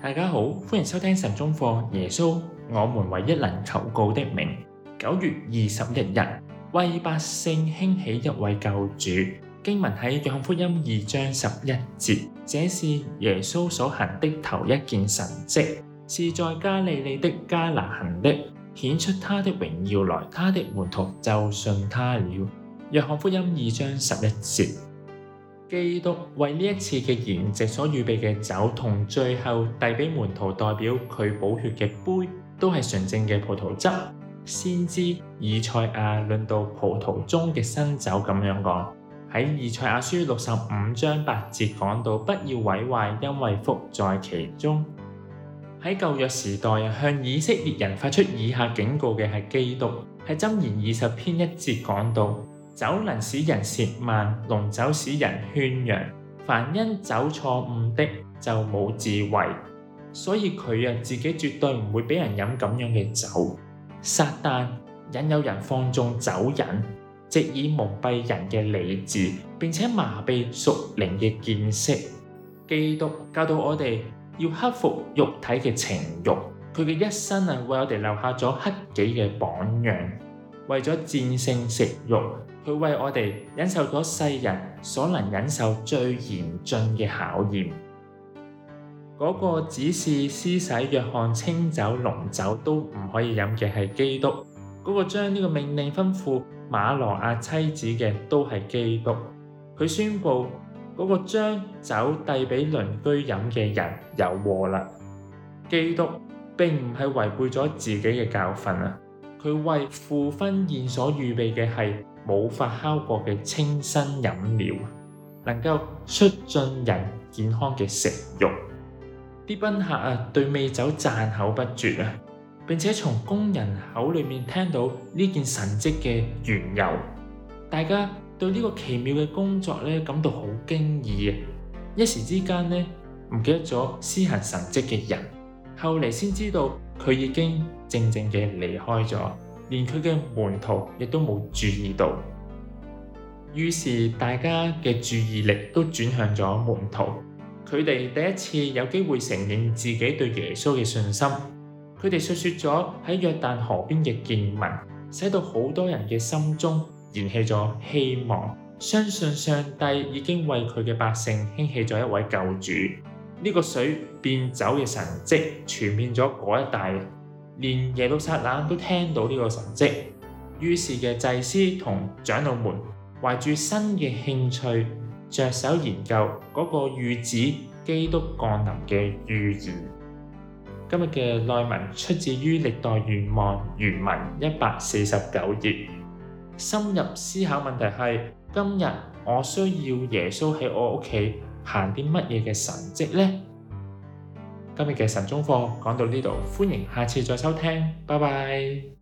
大家好，歡迎收聽神中課。耶穌，我們唯一能求告的名。九月二十一日，為百姓興起一位救主。經文喺約翰福音二章十一節，這是耶穌所行的頭一件神蹟，是在加利利的迦拿行的，顯出他的榮耀來，他的門徒就信他了。約翰福音二章十一節。基督為呢一次嘅筵席所預備嘅酒，同最後遞俾門徒代表佢寶血嘅杯，都係純正嘅葡萄汁。先知以賽亞論到葡萄中嘅新酒咁樣講，喺以賽亞書六十五章八節講到：不要毀壞，因為福在其中。喺舊約時代向以色列人發出以下警告嘅係基督，喺箴言二十篇一節講到。酒能使人褻慢，濃酒使人喧嚷。凡因酒錯誤的就冇智慧，所以佢啊自己絕對唔會俾人飲咁樣嘅酒。撒旦引誘人放縱酒癮，藉以蒙蔽人嘅理智，並且麻痹屬靈嘅見識。基督教導我哋要克服肉體嘅情欲，佢嘅一生啊為我哋留下咗克己嘅榜樣。為咗戰勝食欲，佢為我哋忍受咗世人所能忍受最嚴峻嘅考驗。嗰、那個指示施洗約翰清酒濃酒都唔可以飲嘅係基督。嗰、那個將呢個命令吩咐馬挪亞妻子嘅都係基督。佢宣布嗰、那個將酒遞俾鄰居飲嘅人有禍啦。基督並唔係違背咗自己嘅教訓啊。佢為赴婚宴所預備嘅係冇發酵過嘅清新飲料，能夠促進人健康嘅食慾。啲賓客啊，對美酒讚口不絕啊！並且從工人口裏面聽到呢件神蹟嘅緣由，大家對呢個奇妙嘅工作感到好驚異，一時之間咧，唔記得咗施行神蹟嘅人。後嚟先知道佢已經靜靜嘅離開咗，連佢嘅門徒亦都冇注意到。於是大家嘅注意力都轉向咗門徒，佢哋第一次有機會承認自己對耶穌嘅信心。佢哋述說咗喺約旦河邊嘅見聞，使到好多人嘅心中燃起咗希望，相信上帝已經為佢嘅百姓興起咗一位救主。呢個水變酒嘅神跡傳遍咗嗰一帶，連耶路撒冷都聽到呢個神跡。於是嘅祭司同長老們懷住新嘅興趣，着手研究嗰個預指基督降臨嘅預言。今日嘅內文出自於《歷代願望》原文一百四十九頁。深入思考問題係：今日我需要耶穌喺我屋企。行啲乜嘢嘅神蹟呢？今日嘅晨鐘課講到呢度，歡迎下次再收聽，拜拜。